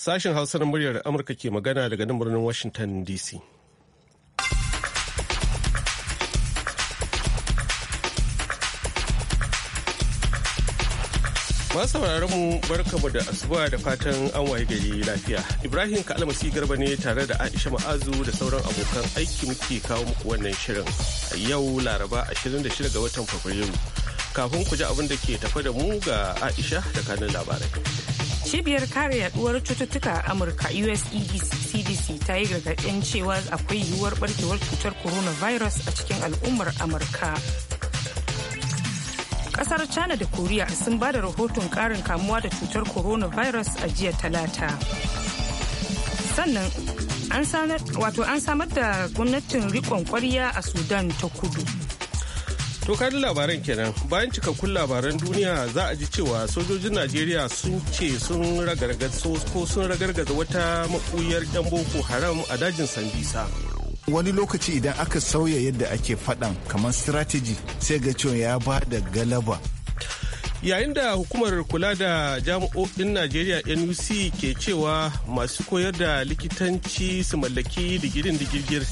Sashen Hausa muryar Amurka ke magana daga nan birnin Washington DC. Masu mu barkamu da asuba da fatan an waye gari lafiya. Ibrahim Kalmasi Garba ne tare da Aisha Ma'azu da sauran abokan aiki muke kawo muku wannan shirin. A yau Laraba 26 ga watan Fabrairu. Kafin ku ji abin da ke tafa da mu ga Aisha da kanin labarai. cibiyar kare yaduwar cututtuka a amurka uscdc e ta yi gargaɗin cewa akwai yiwuwar barkewar cutar coronavirus a cikin al'ummar amurka kasar china da koriya sun ba da rahoton ƙarin kamuwa da cutar coronavirus a jiya talata sannan an samar da gwamnatin riƙon kwarya a sudan ta kudu Tokar labaran kenan bayan cikakkun labaran duniya za a ji cewa sojojin Najeriya sun ce sun ragargaza ko sun ragargaza wata makuyar 'yan Boko Haram a dajin Sambisa. wani lokaci idan aka sauya yadda ake faɗan kamar strategy sai ga cewa ya ba da galaba yayin da hukumar kula da jami'o'in najeriya nuc ke cewa masu koyar da likitanci su mallaki digirin digirgir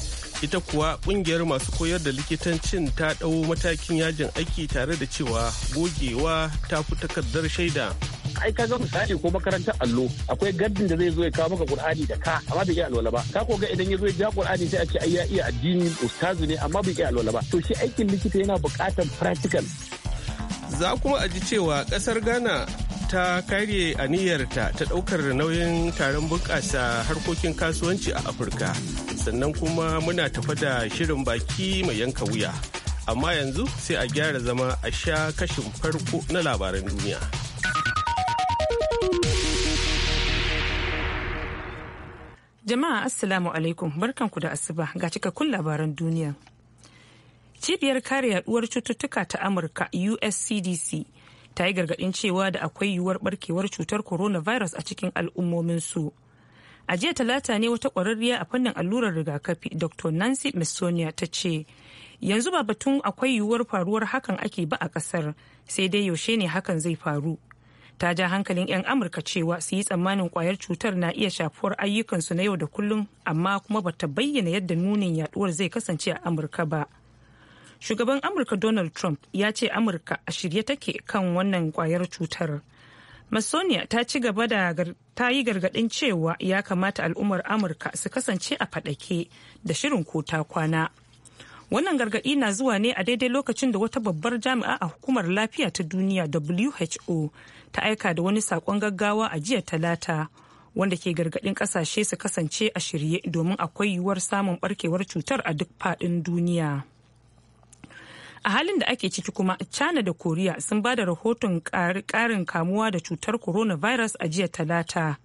ita kuwa kungiyar masu koyar da likitancin ta ɗau matakin yajin aiki tare da cewa gogewa ta fi takardar shaida ai ka ga misali ko makarantar allo akwai gardin da zai zo ya kawo maka qur'ani da ka amma bai iya alwala ba ka koga idan ya zo ya ja qur'ani sai a ce ai ya iya addini ustazu ne amma bai iya alwala ba to shi aikin likita yana buƙatar practical za kuma a ji cewa ƙasar Ghana ta kare aniyarta ta ɗaukar nauyin taron bunƙasa harkokin kasuwanci a Afirka sannan kuma muna tafa da shirin baki mai yanka wuya. Amma yanzu sai a gyara zama a sha kashin farko na labaran duniya. Jama'a Assalamu alaikum barkanku da asuba ga cikakkun labaran duniya. Cibiyar kare yaduwar cututtuka ta Amurka USCDC ta yi gargadin cewa da akwai yiwuwar barkewar cutar coronavirus a cikin al'ummominsu. su. a jiya talata ne wata kwararriya a fannin allurar rigakafi dr nancy misonia ta ce yanzu ba batun akwai yiwuwar faruwar hakan ake ba a kasar sai dai yaushe ne hakan zai faru ta ja hankalin 'yan amurka cewa su yi tsammanin kwayar cutar na iya shafuwar ayyukansu na yau da kullum amma kuma ba ta bayyana yadda nunin yaduwar zai kasance a amurka ba shugaban amurka donald trump ya ce amurka a shirye take kan wannan kwayar cutar masonia ta ci gaba da ta yi gargadin cewa ya kamata al'ummar amurka su kasance a faɗake da shirin kota kwana wannan gargadi na zuwa ne a daidai lokacin da wata babbar jami'a a hukumar lafiya ta duniya who ta aika da wani sakon gaggawa a jiya talata wanda ke gargadin ƙasashe su kasance a shirye domin akwai yiwuwar samun barkewar cutar a duk faɗin duniya. a halin da ake ciki kuma china da koriya sun ba da rahoton karin kamuwa da cutar coronavirus a jiya talata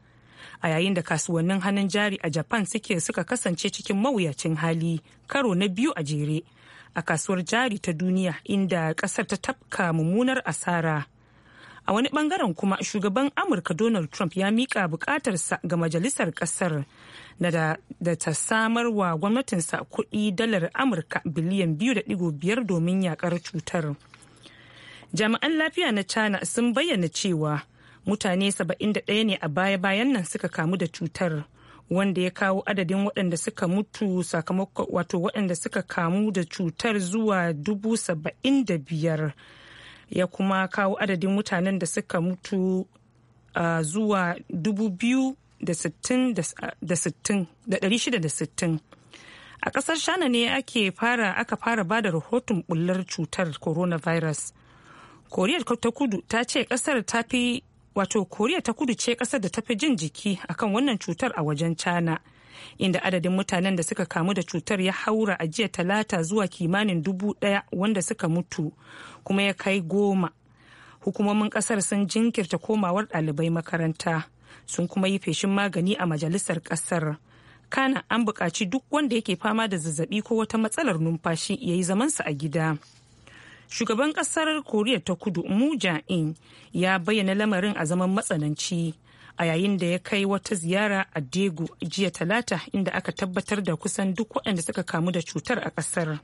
a yayin da kasuwannin hannun jari a japan suke suka kasance cikin mawuyacin hali karo na biyu a jere a kasuwar jari ta duniya inda kasar ta tafka mummunar asara a wani bangaren kuma shugaban amurka donald trump ya mika bukatarsa ga majalisar kasar da ta samar wa gwamnatinsa kuɗi dalar amurka biliyan 2.5 domin yakar cutar jami'an lafiya na china sun bayyana cewa mutane 71 ne a baya-bayan nan suka kamu da cutar wanda ya kawo adadin waɗanda suka mutu sakamakon wato waɗanda suka kamu da cutar zuwa dubu saba'in da biyar ya kuma kawo adadin mutanen da suka mutu uh, zuwa 2,660 a kasar shana ne ake fara aka fara bada rahoton bullar cutar coronavirus koriya ta kudu ta ce kasar ta fi wato koriya ta kudu ce kasar da ta fi jin jiki akan wannan cutar a wajen china inda adadin mutanen da suka kamu da cutar ya haura a jiya talata zuwa kimanin dubu ɗaya wanda suka mutu kuma ya kai goma hukumomin kasar sun jinkirta komawar ɗalibai makaranta sun kuma yi feshin magani a majalisar kasar kana an buƙaci duk wanda yake fama da zazzabi ko wata matsalar numfashi ya yi zamansa a gida shugaban kasar koriya ta kudu mu Ja'in ya bayyana lamarin a zaman matsananci a yayin da ya kai wata ziyara a Degu jiya talata inda aka tabbatar da kusan duk waɗanda suka kamu da cutar a ƙasar.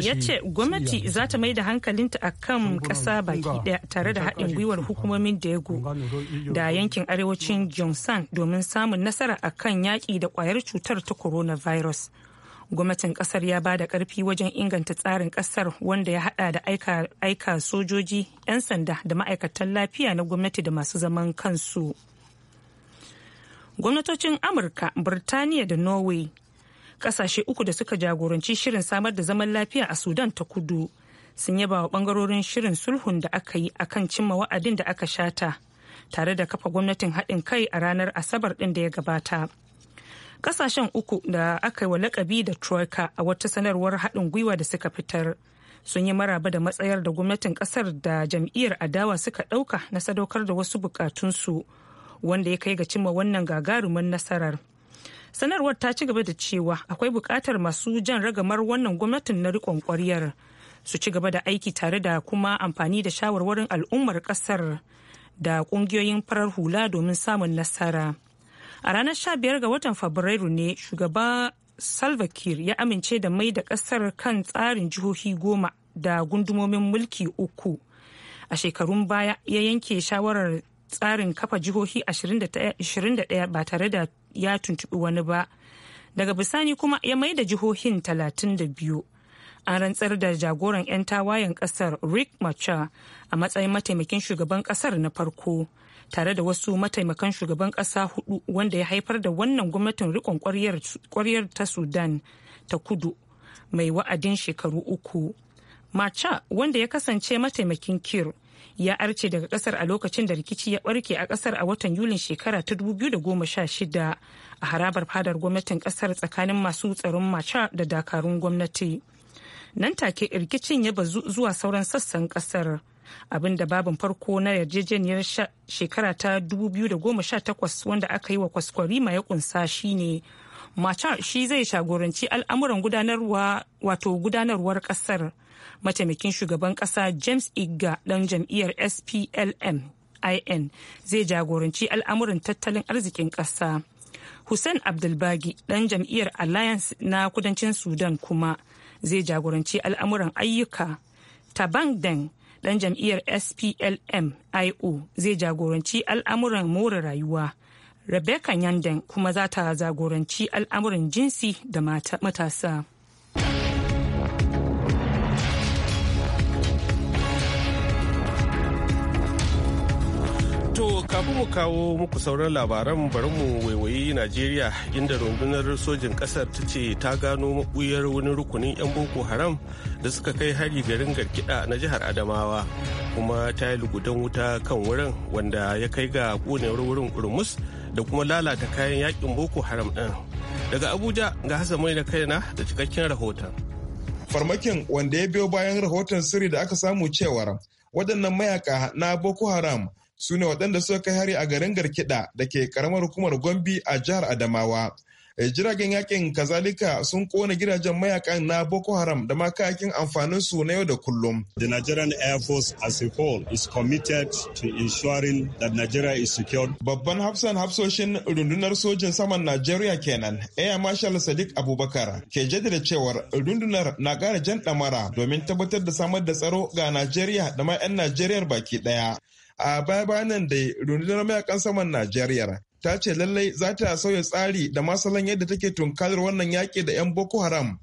ya ce gwamnati za ta mai da hankalinta a kan ƙasa baki ɗaya tare da haɗin gwiwar hukumomin daegu da yankin arewacin johnson domin samun nasara a kan yaƙi da ƙwayar cutar ta coronavirus gwamnatin kasar ya ba da karfi wajen inganta tsarin kasar wanda ya hada da aika sojoji 'yan sanda da ma'aikatan lafiya na gwamnati da masu zaman kansu gwamnatocin amurka birtaniya da norway kasashe uku da suka jagoranci shirin samar da zaman lafiya a sudan ta kudu sun yaba wa bangarorin shirin sulhun da aka yi akan cimma wa'adin da aka shata tare da kafa gwamnatin haɗin kai a ranar asabar ɗin da ya gabata. kasashen uku da aka yi wa lakabi da troika a wata sanarwar haɗin gwiwa da suka fitar sun yi maraba da matsayar da gwamnatin kasar da jam'iyyar adawa suka ɗauka na sadaukar da wasu bukatunsu wanda ya kai ga cimma wannan gagarumin nasarar sanarwar ta ci gaba da cewa akwai bukatar masu jan ragamar wannan gwamnatin na riƙon ƙwaryar su ci gaba da aiki tare da kuma amfani da shawarwarin al'ummar ƙasar da ƙungiyoyin farar hula domin samun nasara. a ranar 15 ga watan fabrairu ne shugaban salvakir ya amince da mai da kasar kan tsarin jihohi goma da gundumomin mulki uku a shekarun baya ya yanke shawarar tsarin kafa jihohi 21 ba tare da ya tuntubi wani ba daga bisani kuma ya mai da jihohin 32 an rantsar da jagoran 'yan tawayen kasar rick machar a matsayin mataimakin shugaban kasar na farko tare da wasu mataimakan shugaban kasa hudu wanda ya haifar da wannan gwamnatin rikon kwaryar ta sudan ta kudu mai wa'adin shekaru uku macha wanda ya kasance mataimakin kir ya arce daga kasar a lokacin da rikici ya barke a kasar a watan yulin shekara ta 2016 a harabar fadar gwamnatin kasar tsakanin masu tsaron macha da dakarun gwamnati nan take rikicin ya bazu zuwa sauran sassan kasar. abinda da babin farko na yarjejeniyar shekara ta 2018 wanda aka yi wa kwaskwarima ya kunsa shine machar shi zai shagoranci al'amuran gudanarwa wato gudanarwar kasar mataimakin shugaban kasa james igga dan jam'iyyar splm in zai jagoranci al'amuran tattalin arzikin kasa hussein abdulbagi dan jam'iyyar alliance na kudancin sudan kuma zai jagoranci al'amuran ayyuka tabang deng dan jam'iyyar SPLM IO zai jagoranci al'amuran more rayuwa. Rebecca Yandan kuma za ta jagoranci al'amuran jinsi da matasa. kafin mu kawo muku sauran labaran bari mu waiwayi Najeriya inda rundunar sojin kasar ta ce ta gano maɓuyar wani rukunin 'yan Boko Haram da suka kai hari garin garkida na jihar Adamawa kuma ta yi lugudan wuta kan wurin wanda ya kai ga ƙonewar wurin kurmus da kuma lalata kayan yakin Boko Haram ɗin. Daga Abuja ga hasa Mai da kaina da cikakken rahoton. Farmakin wanda ya biyo bayan rahoton sirri da aka samu cewar waɗannan mayaka na Boko Haram su ne waɗanda suka kai hari a garin garkiɗa da ke karamar hukumar gombe a jihar adamawa eh, jiragen yakin kazalika sun kona gidajen mayakan na boko haram da ma kayakin amfanin su na yau da kullum the nigerian air force as a whole is committed to ensuring that nigeria is secured babban hafsan hafsoshin rundunar sojin saman najeriya kenan air marshal sadiq abubakar ke jaddada cewar rundunar na kara jan damara domin tabbatar da samar da tsaro ga najeriya da ma 'yan najeriya baki ɗaya. a baya bayanan da rundunar mayakan saman najeriya ta ce lallai za ta sauya tsari da masalan yadda take tunkarar wannan yaƙi da 'yan boko haram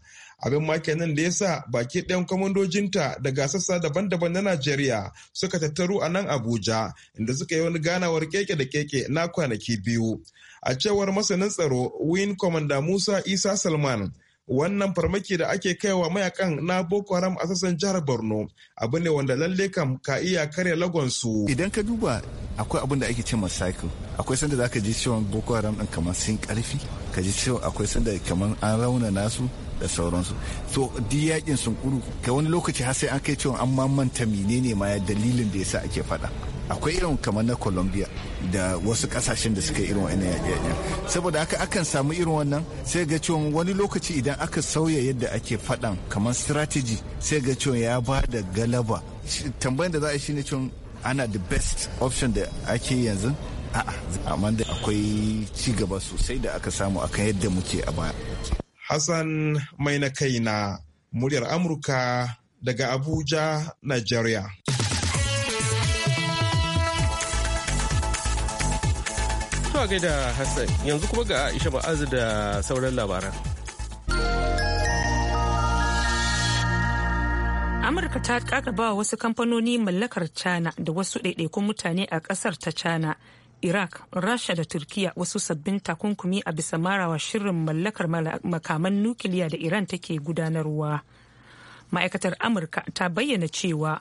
abin ma kenan da ya sa baki ɗayan kwamandojinta daga sassa daban-daban na najeriya suka tattaru a nan abuja inda suka yi wani ganawar keke da keke na kwanaki biyu a cewar masanin tsaro win commander musa isa salman wannan farmaki da ake kaiwa mayakan na boko haram a sassan jihar borno abu ne wanda lalle kam ka iya karya lagonsu idan ka duba akwai abin da ake ce cycle akwai sanda za ka ji cewa boko haram din kamar sun karfi ka ji cewa akwai sanda kamar an rauna nasu da sauransu to di yakin sun kuru ka wani lokaci har sai an kai cewa an mamanta menene ma dalilin da yasa ake faɗa akwai irin kamar na colombia da wasu kasashen da suka irin wani yaƙe saboda haka akan samu irin wannan sai ga cewa wani lokaci idan aka sauya yadda ake faɗan kamar strategy sai ga cewa ya ba da galaba tambayan da za a yi shine cewa ana the best option da ake yanzu a'a amma da akwai ci gaba sosai da aka samu akan yadda muke a baya hassan mai na kai na muryar amurka daga abuja nigeria zuwa gaida Hassan yanzu kuma ga Aisha Ma'azu da sauran labaran. Amurka ta bawa wasu kamfanoni mallakar China da wasu ɗaiɗaikun mutane a ƙasar ta China. Iraq, Rasha da Turkiya wasu sabbin takunkumi a bisa marawa shirin mallakar makaman nukiliya da Iran take gudanarwa. Ma'aikatar Amurka ta bayyana cewa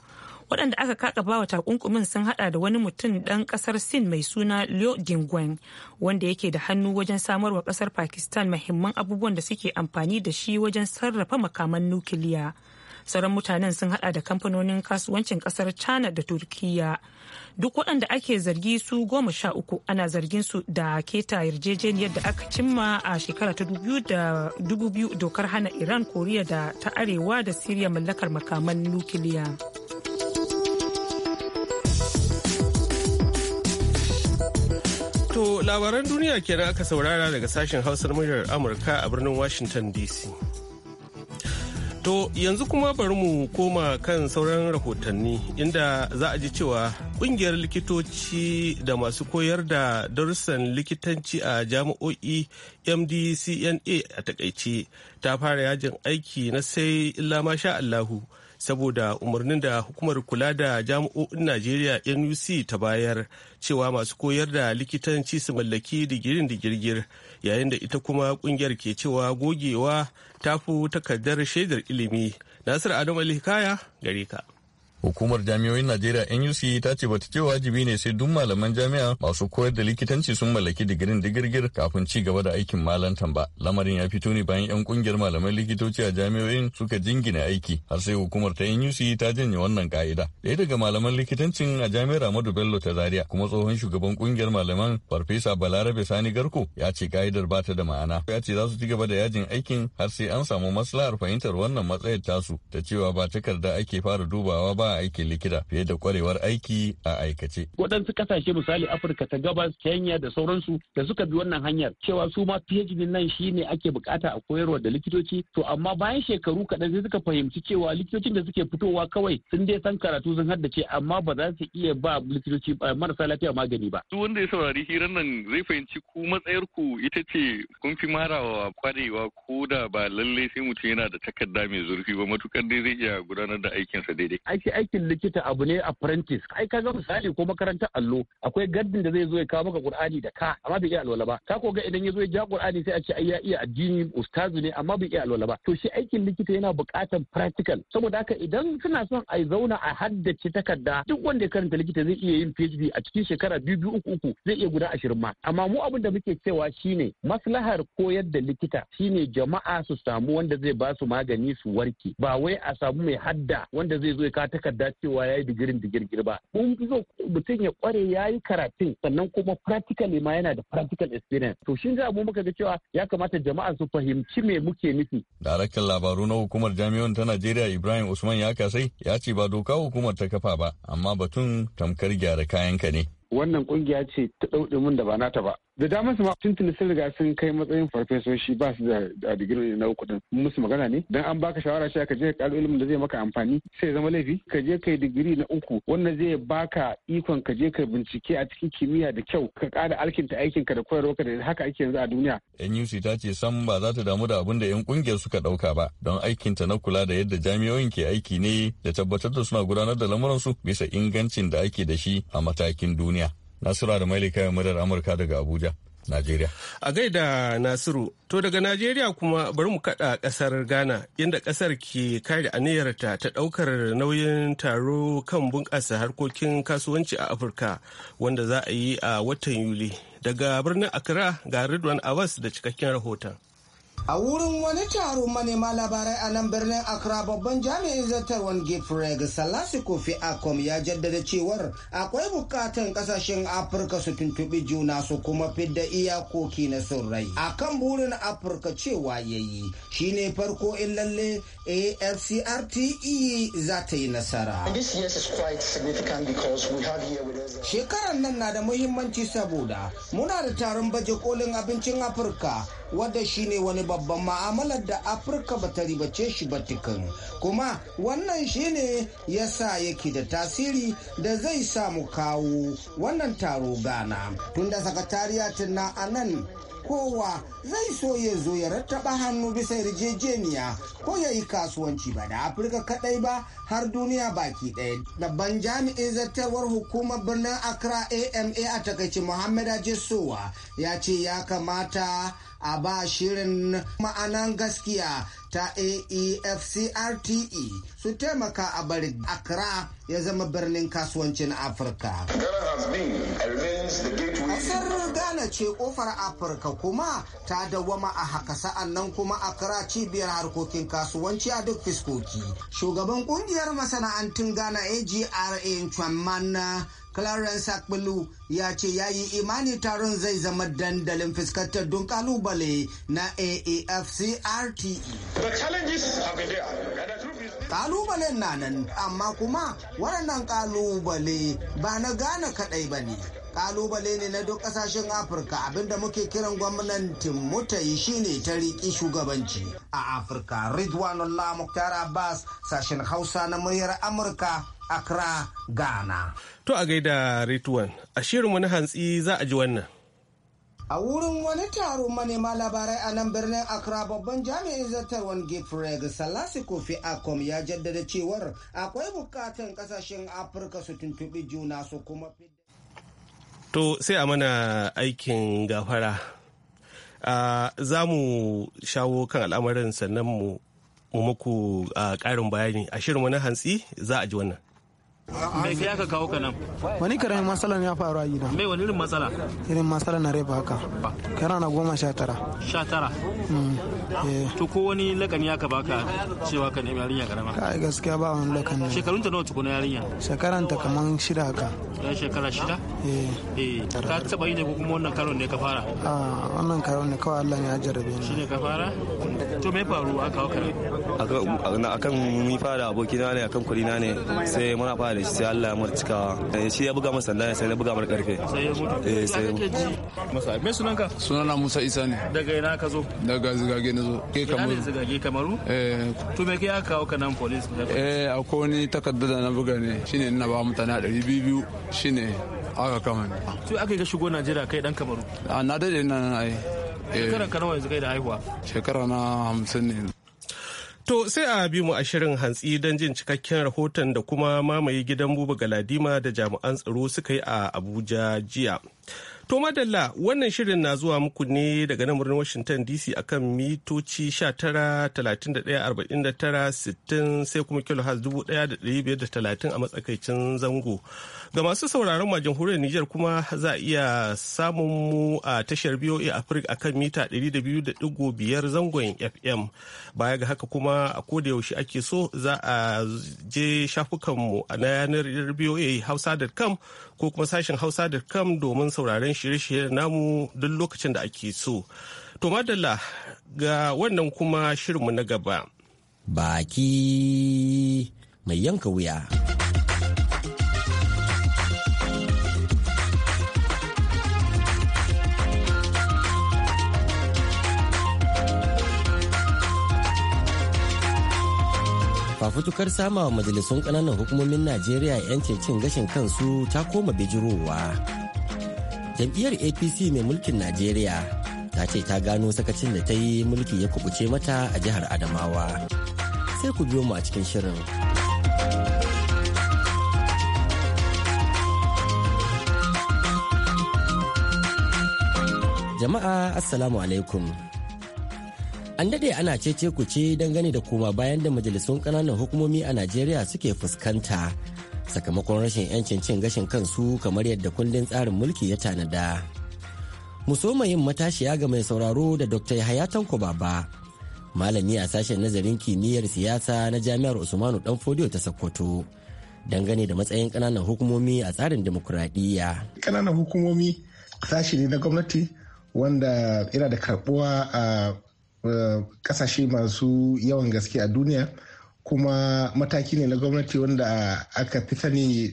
waɗanda aka kaka bawa takunkumin sun hada da wani mutum ɗan ƙasar sin mai suna leo gingwang wanda yake da hannu wajen samarwa ƙasar pakistan mahimman abubuwan da suke amfani da shi wajen sarrafa makaman nukiliya sauran mutanen sun hada da kamfanonin kasuwancin ƙasar china da turkiya duk waɗanda ake zargi su goma sha uku ana zargin su da keta yarjejeniyar da aka cimma a shekara ta dubu dokar hana iran koriya da ta arewa da siriya mallakar makaman nukiliya. To labaran duniya kenan aka saurara daga sashen hausar muryar Amurka a birnin Washington DC. To yanzu kuma bari mu koma kan sauran rahotanni inda za a ji cewa kungiyar likitoci da masu koyar da darussan likitanci a jami'o'i MDCNA a takaice ta fara yajin aiki na sai illa masha Allahu. saboda umarnin da hukumar kula da jami'o'in najeriya nuc ta bayar cewa masu koyar da likitanci su mallaki digirin digirgir yayin da ita kuma kungiyar ke cewa gogewa ta fi takardar shaidar ilimi nasir adamu hikaya gare ka Hukumar jami'oyin Najeriya NUC ta ce bata ce wajibi ne sai duk malaman jami'a masu koyar da likitanci sun mallaki digirin digirgir kafin ci gaba da aikin malantan ba. Lamarin ya fito ne bayan 'yan kungiyar malaman likitoci a jami'oyin suka jingina aiki har sai hukumar ta NUC ta janye wannan ka'ida. Ɗaya daga malaman likitancin a jami'ar Ahmadu Bello ta Zaria kuma tsohon shugaban kungiyar malaman Farfesa Balarabe Sani Garko ya ce ka'idar ba ta da ma'ana. Ya ce za su ci gaba da yajin aikin har sai an samu maslahar fahimtar wannan matsayar tasu ta cewa ba takarda ake fara dubawa ba aikin likita fiye da kwarewar aiki a aikace. Waɗansu ƙasashe misali Afirka ta gabas, Kenya da sauransu da suka bi wannan hanyar cewa su ma PhD nan shi ne ake bukata a koyarwa da likitoci. To amma bayan shekaru kaɗan sai suka fahimci cewa likitocin da suke fitowa kawai sun dai san karatu sun haddace amma ba za su iya ba likitoci marasa lafiya magani ba. su wanda ya saurari hirar nan zai fahimci ku matsayar ku ita ce kun fi marawa kwarewa ko da ba lallai sai mutum yana da takarda mai zurfi ba matukar dai zai iya gudanar da aikinsa daidai. aikin likita abu ne apprentice ai kaga misali ko makarantar allo akwai gardin da zai zo ya kawo maka qur'ani da ka amma bai iya alwala ba ka ko ga idan ya zo ya ja qur'ani sai a ce ai ya iya addini ustazu ne amma bai iya alwala ba to shi aikin likita yana buƙatar practical saboda haka idan suna son a zauna a haddace takarda duk wanda ya karanta likita zai iya yin PhD a cikin shekara biyu biyu uku uku zai iya guda ashirin ma amma mu abin da muke cewa shine maslahar koyar da likita shine jama'a su samu wanda zai ba su magani su warke ba wai a samu mai hadda wanda zai zo ya ka takarda cewa ya yi digirin digirgir ba mun fi so mutum ya kware ya yi karatun sannan kuma practically ma yana da practical experience to shin ga mu muka ga cewa ya kamata jama'a su fahimci me muke nufi daraktan labaru na hukumar jami'an ta Najeriya Ibrahim Usman ya kasai ya ce ba doka hukumar ta kafa ba amma batun tamkar gyara kayanka ne wannan kungiya ce ta ɗauɗe mun da ba nata ba da damar su ma tuni sun riga sun kai matsayin farfesoshi ba su da digiri na uku din musu magana ne dan an baka shawara cewa ka je ka ƙaro ilimin da zai maka amfani sai zama laifi ka je kai digiri na uku wannan zai baka ikon ka je ka bincike a cikin kimiyya da kyau ka kada alkinta aikinka da koyarwa ka da haka ake yanzu a duniya. NUC ta ce san ba za ta damu da abin da 'yan kungiyar suka dauka ba don aikinta na kula da yadda jami'o'in ke aiki ne da tabbatar da suna gudanar da lamuransu bisa ingancin da ake da shi a matakin duniya. Nasura da Malika madar Amurka daga Abuja, Najeriya. A gaida Nasiru, to daga Najeriya kuma bari mu kada kasar Ghana inda kasar ke kare aniyarta ta daukar nauyin taro kan bunƙasa harkokin kasuwanci a Afirka wanda za a yi a watan Yuli. Daga birnin Accra ga Ridwan Abbas da cikakken rahoton. a wurin wani taro manema labarai a nan birnin accra babban jami'in zartarwan gifreg salasi kofi akom ya jaddada cewar akwai bukatan kasashen afirka su tuntuɓi juna su kuma fidda iyakoki na sun rai a kan burin afirka cewa ya yi shine farko in lalle afcrte za ta yi nasara shekarar nan na da muhimmanci saboda muna da taron baje kolin abincin afirka wadda shine wani babban ma'amalar da afirka ba ta ribace shi ba tukun kuma wannan shine ya sa yake da tasiri da zai samu kawo wannan taro gana tunda sakatariyatin na anan kowa zai so ya zo ya rattaba hannu bisa yarjejeniya ko ya yi kasuwanci ba da afirka kadai ba har duniya baki ɗaya dabban jami'in zartarwar hukumar birnin accra ama a takaice muhammadu ajisowa ya ce ya kamata a ba shirin ma'anan gaskiya ta AEFCRTE e su taimaka a bari Accra ya zama birnin kasuwancin Afirka. Kasar Ghana ce kofar Afirka kuma ta dawama a haka sa'an nan kuma Accra cibiyar harkokin kasuwanci a duk fiskoki. Shugaban kungiyar masana'antun Ghana AGRA Chwaman clarence akpilu ya ce ya yi imani taron zai zama dandalin fuskantar don kalubale na aafcrte kalubalen na nan amma kuma waɗannan kalubale ba na gane kaɗai ba ne kalubale ne na duk kasashen afirka abinda muke kiran gwamnatin mu ta yi shine ta riki shugabanci a afirka ridwanullah muktar abbas sashen hausa na muryar amurka accra ghana to a gaida ridwan a shirinmu na hantsi za a ji wannan a wurin wani taro manema labarai a nan birnin accra babban jami'in zartarwan gifreg salasi kofi akom ya jaddada cewar akwai bukatan kasashen afirka su tuntuɓi juna su kuma fidda to sai a mana aikin gafara za mu shawo kan al'amarin sannan mu muku ƙarin bayani a shirin wani hantsi za a ji wannan Mai kai aka kawo ka nan. Wani karamin matsala ya faru a gida. Mai wani irin matsala? Irin matsala na reba haka. Kana na goma sha tara. Sha tara? Mm, eh. To ko wani lakani ba baka cewa ka nemi yarinya karama? Kai gaskiya ba wani lakani. Shekarunta nawa tukuna yarinya? Shekaranta kamar shida haka. Ya shekara shida? Eh. eh ka taba yi ne ko kuma wannan karon ne ka fara? A wannan karon ne kawai Allah ne ya jarabe ni. Shi ne ka fara? To me faru aka kawo ka? Akan mun fara abokina ne akan kudina ne sai muna fara buga da shi sai Allah ya mura eh, shi ya buga masa sanda sai ya buga mara karfe sai ya mutu eh sai ya mutu me sunanka sunana Musa Isa ne daga ina ka zo daga zigage na zo ke kamaru zigage kamaru eh to me ke ya kawo ka nan police eh akwai wani takarda da na buga ne shine ina ba mutane 200 shine aka kama ne to aka ga shigo Najeriya kai dan kamaru a na dade nan ai shekara ka eh. wa yanzu kai da haihuwa shekara na 50 ne To sai a bi mu a shirin hantsi don jin cikakken rahoton da kuma mamaye gidan buba galadima da jami'an tsaro suka yi a Abuja jiya. To madalla wannan shirin na zuwa muku ne daga nan birnin Washington DC akan mitoci 19,31,49,60 sai kuma kilo kilohaz 1,530 a matsakaicin zango. Ga masu sauraron ma jamhuriyar Nijar kuma za a iya samun mu a tashar BOA Africa akan mita 200.5 zangon FM. Baya ga haka kuma a koda yaushe ake so za a je shafukanmu na yanar BOA Hausa.com ko kuma sashen Hausa.com domin sauraron shirye-shiryen namu duk lokacin da ake so. To madalla ga wannan kuma shirinmu na gaba. Baki mai yanka wuya. fafutukar samawa majalisun ƙananan hukumomin najeriya 'yancin cin gashin kansu ta koma bijirowa jam'iyyar apc mai mulkin najeriya ta ce ta gano sakacin da ta yi mulki ya kubuce mata a jihar adamawa sai ku biyo mu a cikin shirin jama'a assalamu alaikum an dade ana cece ku ce dangane da koma bayan da majalisun kananan hukumomi a najeriya suke fuskanta sakamakon rashin 'yancin cin gashin kansu kamar yadda kundin tsarin mulki ya tanada. Musoma yin matashiya ga mai sauraro da Dr. Hayatan Baba, malami a sashen nazarin kimiyyar siyasa na Jami'ar Usmanu Danfodiyo ta Sokoto. dangane da matsayin ƙananan hukumomi a tsarin demokuraɗiyya. kananan hukumomi sashi ne na gwamnati wanda yana da karbuwa a kasashe masu yawan gaske a duniya kuma mataki ne na gwamnati wanda aka fi sani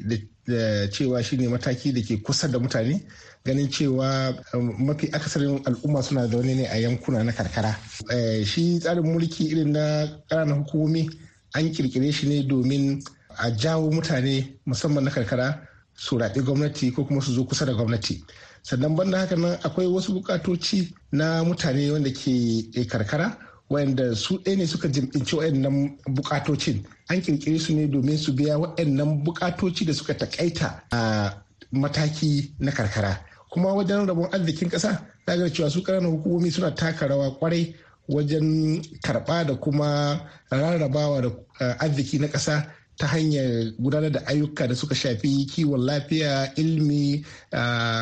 da cewa shine mataki da ke kusa da mutane ganin cewa um, mafi akasarin al'umma suna da wani ne a yankuna na karkara eh, shi tsarin mulki irin na ƙananan hukumomi an kirkire shi ne domin a jawo mutane musamman na karkara su raɗi gwamnati ko kuma su zo kusa da gwamnati sannan banda haka nan akwai wasu bukatoci na mutane wanda ke karkara wanda su ɗaya ne suka jimɗinci waɗannan bukatocin an kirkiri su ne domin su biya waɗannan buƙatoci da suka takaita a mataki na karkara kuma wajen rabon arzikin ƙasa ga cewa su ƙananan hukumomi suna taka rawa kwarai wajen karɓa da kuma rarrabawa da eh, arziki na ƙasa ta hanyar gudanar da ayyuka da suka shafi kiwon lafiya ilmi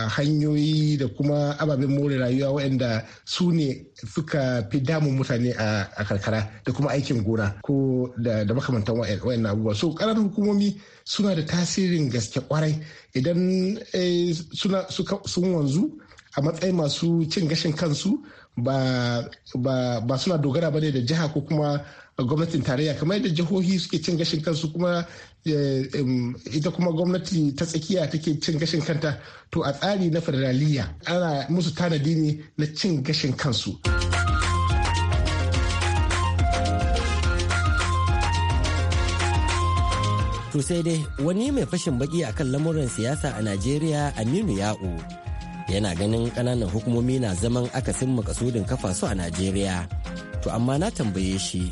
hanyoyi da kuma ababen more rayuwa waɗanda su ne suka fi damun mutane a karkara da kuma aikin gona ko da makamantan wa'in abubuwa so ƙananan hukumomi suna da tasirin gaske kwarai idan eh, sun wanzu a matsayin masu cin gashin kansu ba, ba, suna dogara ba ne da jiha ko kuma gwamnatin tarayya kamar yadda jihohi suke cin gashin kansu kuma eh, ita kuma gwamnati ta tsakiya take cin gashin kanta to a tsari na federaliya ana musu tanadi ne na cin gashin kansu. To dai wani mai fashin baki akan lamuran siyasa a Najeriya Aminu Ya'u yana ganin ƙananan hukumomi na zaman akasin makasudin kafa su a najeriya to amma na tambaye shi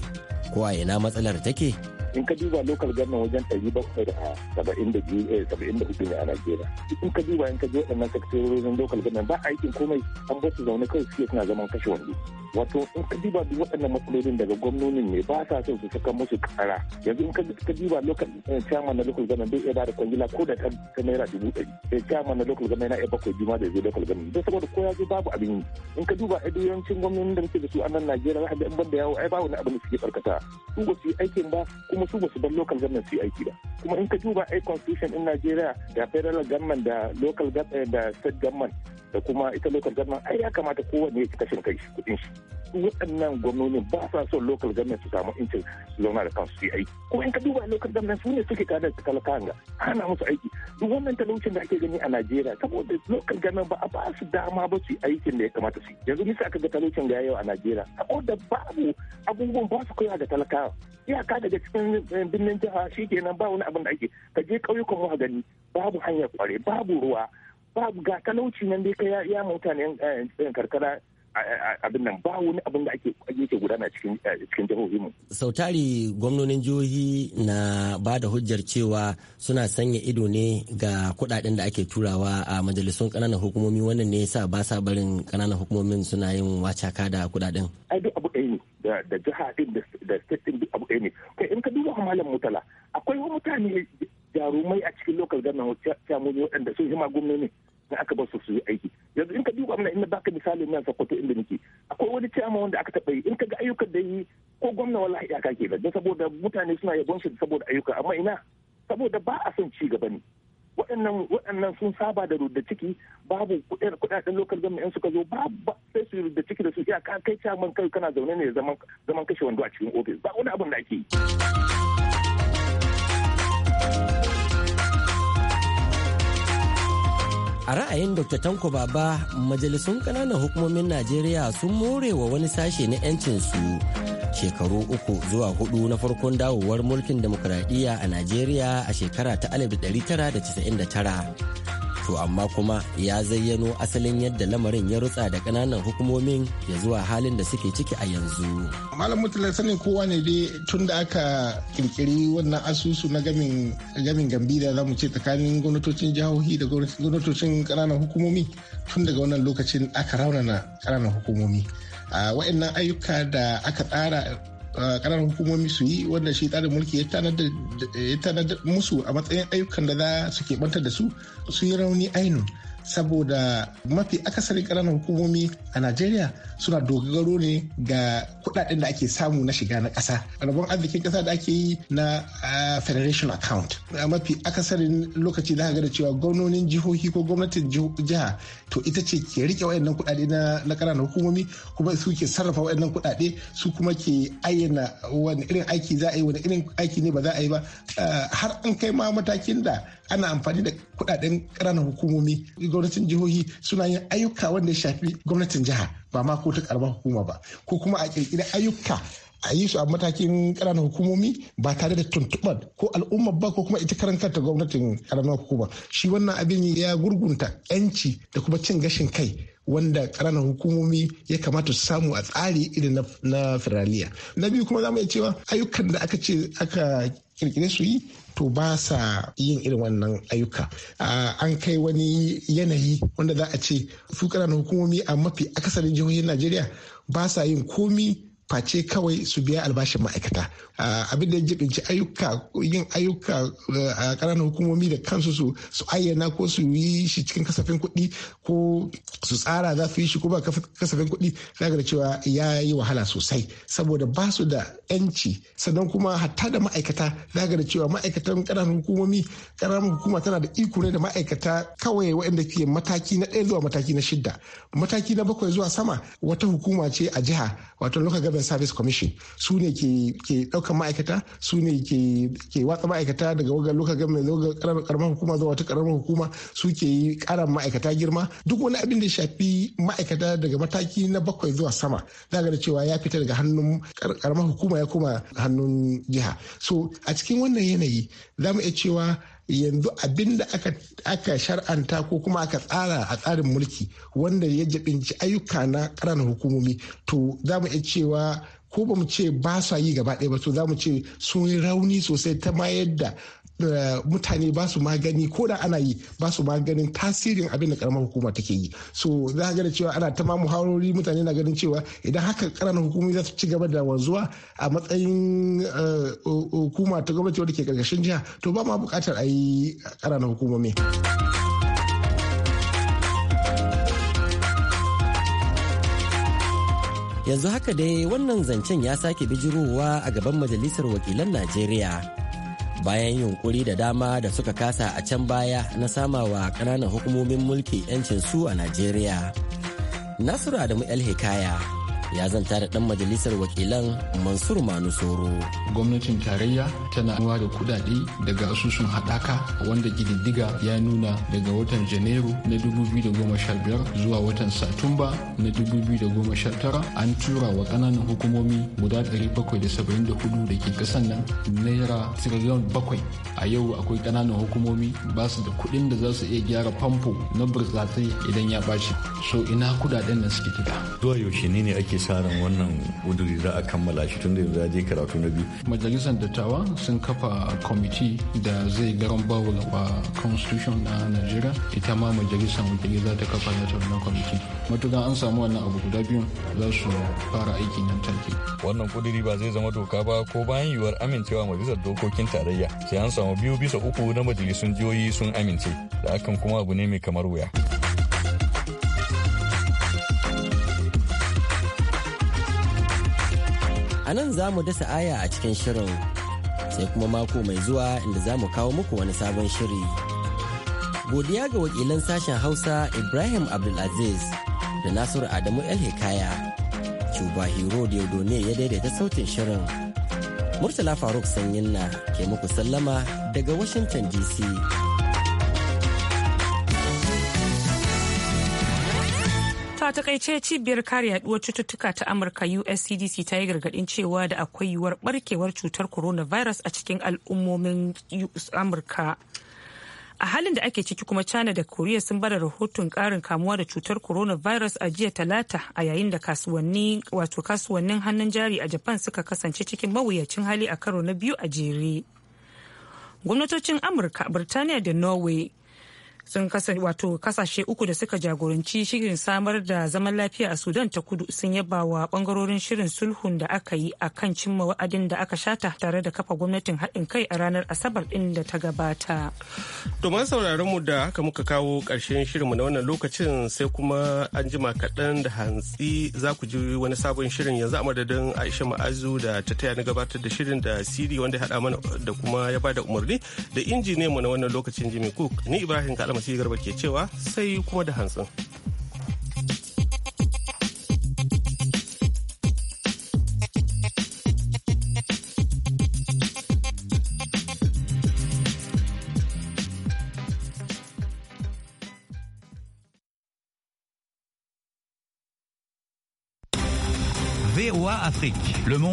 ko a ina matsalar take in ka duba local government wajen ɗari bakwai da saba'in da biyu eh, saba'in da hudu ne a najeriya in ka duba in ka je waɗannan sakatarorin local government ba aikin komai an ba su zaune kawai suke suna zaman kashe wani wato in ka duba duk waɗannan matsalolin daga gwamnonin ne ba sa son su saka musu kara yanzu in ka diba local eh, chairman na local government bai iya ba da kwangila ko da ta naira dubu ɗari sai eh, chairman na local government yana iya bakwai juma da zai local government don saboda ko ya zo babu abin yi in ka duba a yawancin gwamnonin da muke da su a nan najeriya za ka in ban da yawo ai ba wani abin da suke barkata su su aikin ba kuma kuma su basu bar local government su yi aiki ba kuma in ka duba a constitution in Najeriya da federal government da local government eh, da state government da kuma ita local government ai ya kamata kowanne ya kashe kashin kai kudin shi waɗannan gwamnoni ba sa son local government su samu incin su zauna da kansu su yi aiki kuma in ka duba local government su ne suke kada su talakawa ana musu aiki duk wannan talaucin da ake gani a Najeriya saboda local government ba a ba su dama ba su yi aikin da ya kamata su yi yanzu nisa aka ga talaucin ga yau a Najeriya saboda babu abubuwan ba su koya ga talakawa iyaka daga cikin birnin jiha shi kenan ba wani abin da ake ka je ƙauyukan mu babu hanyar kware babu ruwa babu ga talauci nan dai ka ya mutane eh, karkara abin nan ba wani abin da ake ke gudana cikin eh, cikin jihohi mu. Sau tari gwamnonin jihohi na ba da hujjar cewa suna sanya ido ne ga kuɗaɗen da ake turawa a majalisun ƙananan hukumomi wannan ne yasa ba sa barin kananan hukumomin suna yin wacaka da kuɗaɗen. Ai duk abu ɗaya ne da jiha din da state din abu ne kai in ka duba malam mutala akwai wa mutane jarumai a cikin local government chamoni waɗanda sun hima ne na aka bar su yi aiki yanzu in ka duba mana ina baka misali nan Sokoto inda nake akwai wani chairman wanda aka taɓa yi in ka ga ayyukan da yi ko gwamna wala iyaka ke da saboda mutane suna yabon shi saboda ayyuka amma ina saboda ba a son ci gaba ne waɗannan waɗannan sun saba da rudda ciki babu kuɗaɗen local government suka zo babu sai su rudda ciki da su iya ka kai caman kai kana zaune ne zaman zaman kashe wando a cikin ofis ba wani abin da ake yi A ra'ayin Dr. Tanko Baba, majalisun ƙananan hukumomin Najeriya sun more wa wani sashe na 'yancinsu shekaru uku zuwa hudu na farkon dawowar mulkin demokuraɗiyya a najeriya a shekara ta 1999 to amma kuma ya zayyano asalin yadda lamarin ya rutsa da ƙananan hukumomin ya zuwa halin da suke ciki a yanzu. malam mutula sanin kowa ne dai tun da aka kirkiri wannan asusu na gamin gambi da zamu ce tsakanin gwamnatocin jihohi da gwamnatocin ƙananan hukumomi tun daga wannan lokacin aka raunana ƙananan hukumomi wa'annan ayyuka da aka tsara kanar hukumomi su yi wanda shi tsarin mulki ya tanadar musu a matsayin ayyukan da za su keɓantar da su su yi rauni ainu saboda mafi akasarin ƙananan hukumomi a najeriya suna dogaro ne ga kudaden da ake samu na shiga na kasa. rabon arzikin kasa da ake yi na federation account a mafi akasarin lokaci za ga da cewa gwamnonin jihohi ko gwamnatin jiha to ita ce ke rike wayannan kudade na ƙananan hukumomi kuma su ke sarrafa wayannan kudade su kuma ke ayyana na wani irin aiki za a yi wani irin aiki ne ba za a yi ba eh, har an kai ma matakin da ana amfani da kudaden ƙananan hukumomi gwamnatin jihohi suna yin ayyuka wanda ya shafi gwamnatin jiha ba ma ko ta karamar hukuma ba ko kuma a kirkiri ayyuka a yi su a matakin ƙananan hukumomi ba tare da tuntuɓar ko al'umma ba ko kuma ita karan kanta gwamnatin ƙaramin hukuma shi wannan abin ya gurgunta 'yanci da kuma cin gashin kai wanda ƙananan hukumomi ya kamata su samu a tsari irin na firaliya na biyu kuma zamu iya cewa ayyukan da aka ce aka kirkire su yi to ba sa yin irin wannan ayyuka an kai wani yanayi wanda za a ce su ƙananan hukumomi a mafi akasarin jihohin najeriya ba sa yin komi face kawai su biya albashin ma'aikata abin da ya jibinci ayyuka yin ayyuka eh, a ƙananan hukumomi da kansu su su ayyana ko su yi shi cikin kasafin kuɗi ko su tsara za su yi shi ko ba kasafin kuɗi zaga da cewa ya yi wahala sosai saboda ba su da yanci sannan kuma hatta da ma'aikata zaga da cewa ma'aikatan ƙananan hukumomi ƙananan hukuma tana da iko ne da ma'aikata kawai waɗanda ke mataki na ɗaya zuwa mataki na shidda mataki na bakwai zuwa sama wata hukuma ce a jiha wato lokacin urban service commission su ne ke daukan ma'aikata su ne ke watsa ma'aikata daga wajen local government zuwa karamar hukuma zuwa wata karamar hukuma su ke yi karan ma'aikata girma duk wani abin da shafi ma'aikata daga mataki na bakwai zuwa sama zaga cewa ya fita daga hannun karamar hukuma ya koma hannun jiha so a cikin wannan yanayi za mu iya cewa yanzu abin da aka shar'anta ko kuma aka tsara a tsarin mulki wanda ya jibinci ayyuka na ƙananan hukumomi to za mu iya cewa ko ba mu ce ba sa yi gaba ɗaya ba to za mu ce sun yi rauni sosai ta ma yadda da mutane ba su magani ko da ana yi ba su maganin tasirin abin da karamar hukuma take yi so za ga da cewa ana ta ma muhawarori mutane na ganin cewa idan haka karamar hukumi za su ci gaba da wanzuwa a matsayin eh, hukuma ta gwamnati wadda ke karkashin jiha to ba ma bukatar a yi karamar hukumomi. yanzu haka dai wannan zancen ya sake bijirowa a gaban majalisar wakilan najeriya bayan yunkuri da dama da suka kasa a can baya na samawa ƙananan hukumomin mulki 'yancin su a najeriya nasiru adamu el hikaya ya zanta da dan majalisar wakilan mansur manu soro gwamnatin tarayya tana da kudade daga asusun haɗaka wanda gididdiga ya nuna daga watan janairu na 2015 zuwa watan satumba na 2019 an tura wa kananan hukumomi guda 774 da ke ƙasan nan naira tiriliyon bakwai a yau akwai ƙananan hukumomi ba su da kuɗin da za su iya gyara famfo na burtsatsai idan ya ɓaci so ina kudaden nan suke zuwa yaushe ne ake sa wannan kuduri za a kammala shi tun da yanzu ya je karatu na biyu. Majalisar dattawa sun kafa kwamiti da zai garan bawa wa constitution na Najeriya ita ma majalisar wakili za ta kafa nata wannan kwamiti. Matukan an samu wannan abu guda biyu za su fara aiki nan take. Wannan kuduri ba zai zama doka ba ko bayan yiwuwar amincewa majalisar dokokin tarayya sai an samu biyu bisa uku na majalisun jihohi sun amince da hakan kuma abu ne mai kamar wuya. a nan za mu dasa aya a cikin shirin sai kuma mako mai zuwa inda za mu kawo muku wani sabon shiri godiya ga wakilan sashen hausa ibrahim abdulaziz da nasiru adamu el hikaya cuba hero ne ya daidaita sautin shirin murtala faruk sanyin na ke muku sallama daga washington dc To a takaice cibiyar kare yaduwar cututtuka ta Amurka USCDC ta yi gargadin cewa da akwai yiwuwar barkewar cutar coronavirus a cikin al'ummomin Amurka. A halin da ake ciki kuma China da korea sun bada rahoton karin kamuwa da cutar coronavirus a jiya talata a yayin da wato kasuwannin hannun jari a Japan suka kasance cikin mawuyacin hali a karo na biyu a jere. Gwamnatocin Amurka, Birtaniya da Norway sun kasance wato kasashe uku da suka jagoranci shirin samar da zaman lafiya a sudan ta kudu sun yaba wa bangarorin shirin sulhun da aka yi a kan cimma wa'adin da aka shata tare da kafa gwamnatin haɗin kai a ranar asabar ɗin da ta gabata domin sauraron mu da haka muka kawo ƙarshen shirinmu na wannan lokacin sai kuma an jima kaɗan da hantsi za ku ji wani sabon shirin yanzu a madadin aisha ma'azu da ta taya na gabatar da shirin da siri wanda ya haɗa mana da kuma ya bada umarni da mu na wannan lokacin jimmy cook ni ibrahim kalam merci garba ke cewa Afrique. Le